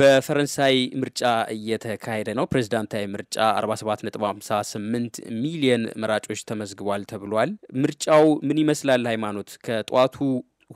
በፈረንሳይ ምርጫ እየተካሄደ ነው። ፕሬዚዳንታዊ ምርጫ 47.58 ሚሊየን መራጮች ተመዝግቧል ተብሏል። ምርጫው ምን ይመስላል? ሃይማኖት ከጠዋቱ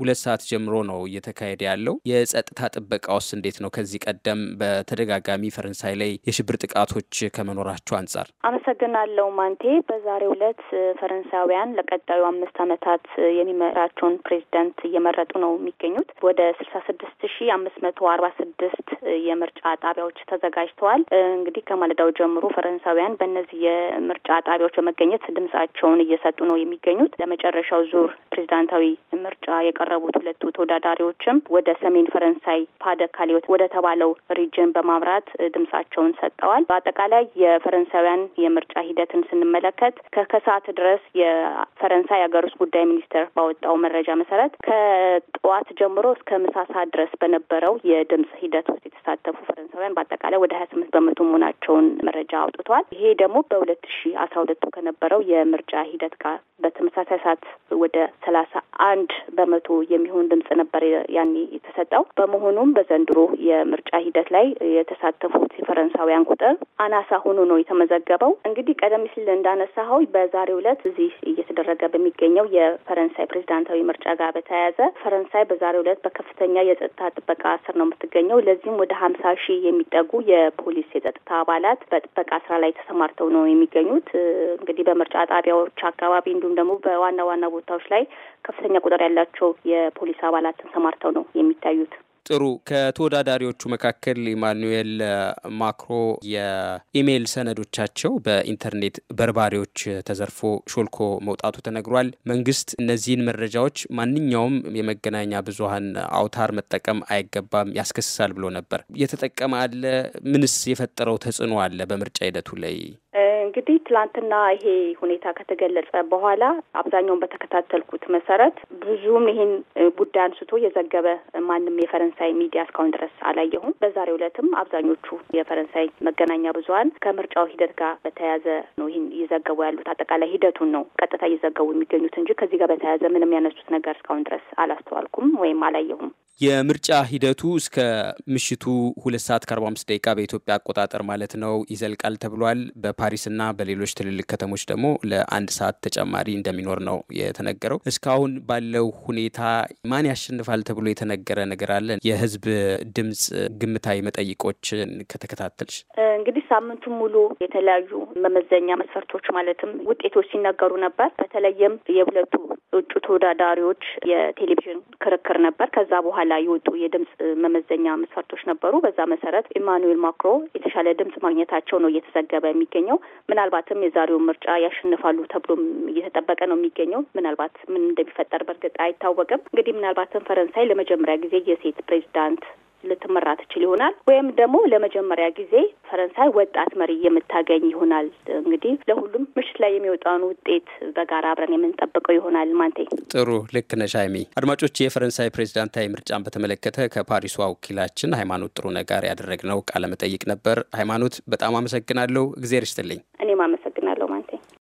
ሁለት ሰዓት ጀምሮ ነው እየተካሄደ ያለው። የጸጥታ ጥበቃውስ እንዴት ነው? ከዚህ ቀደም በተደጋጋሚ ፈረንሳይ ላይ የሽብር ጥቃቶች ከመኖራቸው አንጻር። አመሰግናለሁ ማንቴ። በዛሬው ዕለት ፈረንሳውያን ለቀጣዩ አምስት ዓመታት የሚመራቸውን ፕሬዚደንት እየመረጡ ነው የሚገኙት። ወደ ስልሳ ስድስት ሺ አምስት መቶ አርባ ስድስት የምርጫ ጣቢያዎች ተዘጋጅተዋል። እንግዲህ ከማለዳው ጀምሮ ፈረንሳውያን በእነዚህ የምርጫ ጣቢያዎች በመገኘት ድምጻቸውን እየሰጡ ነው የሚገኙት ለመጨረሻው ዙር ፕሬዚዳንታዊ ምርጫ የቀረቡት ሁለቱ ተወዳዳሪዎችም ወደ ሰሜን ፈረንሳይ ፓደ ወደ ተባለው ሪጅን በማምራት ድምጻቸውን ሰጥተዋል። በአጠቃላይ የፈረንሳውያን የምርጫ ሂደትን ስንመለከት ከከሰዓት ድረስ የፈረንሳይ ሀገር ውስጥ ጉዳይ ሚኒስቴር ባወጣው መረጃ መሰረት ከጠዋት ጀምሮ እስከ ምሳሳ ድረስ በነበረው የድምጽ ሂደት ውስጥ የተሳተፉ ፈረንሳውያን በአጠቃላይ ወደ ሀያ ስምንት በመቶ መሆናቸውን መረጃ አውጥቷል። ይሄ ደግሞ በሁለት ሺ አስራ ሁለቱ ከነበረው የምርጫ ሂደት ጋር በተመሳሳይ ሰዓት ወደ ሰላሳ አንድ በመቶ የሚሆን ድምጽ ነበር ያኔ የተሰጠው። በመሆኑም በዘንድሮ የምርጫ ሂደት ላይ የተሳተፉት የፈረንሳውያን ቁጥር አናሳ ሆኖ ነው የተመዘገበው። እንግዲህ ቀደም ሲል እንዳነሳኸው በዛሬው ዕለት እዚህ እየተደረገ በሚገኘው የፈረንሳይ ፕሬዚዳንታዊ ምርጫ ጋር በተያያዘ ፈረንሳይ በዛሬው ዕለት በከፍተኛ የጸጥታ ጥበቃ ስር ነው የምትገኘው። ለዚህም ወደ ሀምሳ ሺህ የሚጠጉ የፖሊስ የጸጥታ አባላት በጥበቃ ስራ ላይ ተሰማርተው ነው የሚገኙት። እንግዲህ በምርጫ ጣቢያዎች አካባቢ እንዲሁም ደግሞ በዋና ዋና ቦታዎች ላይ ከፍተኛ ከፍተኛ ቁጥር ያላቸው የፖሊስ አባላትን ተማርተው ነው የሚታዩት። ጥሩ ከተወዳዳሪዎቹ መካከል ኢማኑኤል ማክሮ የኢሜይል ሰነዶቻቸው በኢንተርኔት በርባሪዎች ተዘርፎ ሾልኮ መውጣቱ ተነግሯል። መንግስት እነዚህን መረጃዎች ማንኛውም የመገናኛ ብዙሀን አውታር መጠቀም አይገባም ያስከስሳል ብሎ ነበር። የተጠቀመ አለ? ምንስ የፈጠረው ተጽዕኖ አለ በምርጫ ሂደቱ ላይ? እንግዲህ ትላንትና ይሄ ሁኔታ ከተገለጸ በኋላ አብዛኛውን በተከታተልኩት መሰረት ብዙም ይሄን ጉዳይ አንስቶ የዘገበ ማንም የፈረንሳይ ሚዲያ እስካሁን ድረስ አላየሁም። በዛሬው ዕለትም አብዛኞቹ የፈረንሳይ መገናኛ ብዙኃን ከምርጫው ሂደት ጋር በተያያዘ ነው ይህን እየዘገቡ ያሉት። አጠቃላይ ሂደቱን ነው ቀጥታ እየዘገቡ የሚገኙት እንጂ ከዚህ ጋር በተያያዘ ምንም ያነሱት ነገር እስካሁን ድረስ አላስተዋልኩም ወይም አላየሁም። የምርጫ ሂደቱ እስከ ምሽቱ ሁለት ሰዓት ከአርባ አምስት ደቂቃ በኢትዮጵያ አቆጣጠር ማለት ነው ይዘልቃል ተብሏል። በፓሪስ እና በሌሎች ትልልቅ ከተሞች ደግሞ ለአንድ ሰዓት ተጨማሪ እንደሚኖር ነው የተነገረው። እስካሁን ባለው ሁኔታ ማን ያሸንፋል ተብሎ የተነገረ ነገር አለ? የህዝብ ድምፅ ግምታዊ መጠይቆችን ከተከታተልሽ እንግዲህ ሳምንቱን ሙሉ የተለያዩ መመዘኛ መስፈርቶች ማለትም ውጤቶች ሲነገሩ ነበር። በተለይም የሁለቱ እጩ ተወዳዳሪዎች የቴሌቪዥን ክርክር ነበር። ከዛ በኋላ የወጡ የድምፅ መመዘኛ መስፈርቶች ነበሩ። በዛ መሰረት ኢማኑኤል ማክሮ የተሻለ ድምፅ ማግኘታቸው ነው እየተዘገበ የሚገኘው። ምናልባትም የዛሬውን ምርጫ ያሸንፋሉ ተብሎም እየተጠበቀ ነው የሚገኘው። ምናልባት ምን እንደሚፈጠር በእርግጥ አይታወቅም። እንግዲህ ምናልባትም ፈረንሳይ ለመጀመሪያ ጊዜ የሴት ፕሬዚዳንት ልትመራ ትችል ይሆናል ወይም ደግሞ ለመጀመሪያ ጊዜ ፈረንሳይ ወጣት መሪ የምታገኝ ይሆናል። እንግዲህ ለሁሉም ምሽት ላይ የሚወጣውን ውጤት በጋራ አብረን የምንጠብቀው ይሆናል። ማንቴ ጥሩ ልክ ነሽ ሀይሚ። አድማጮች የፈረንሳይ ፕሬዚዳንታዊ ምርጫን በተመለከተ ከፓሪሷ ወኪላችን ሃይማኖት ጥሩ ጋር ያደረግነው ቃለመጠይቅ ነበር። ሃይማኖት በጣም አመሰግናለሁ። እግዜር ይስጥልኝ። እኔም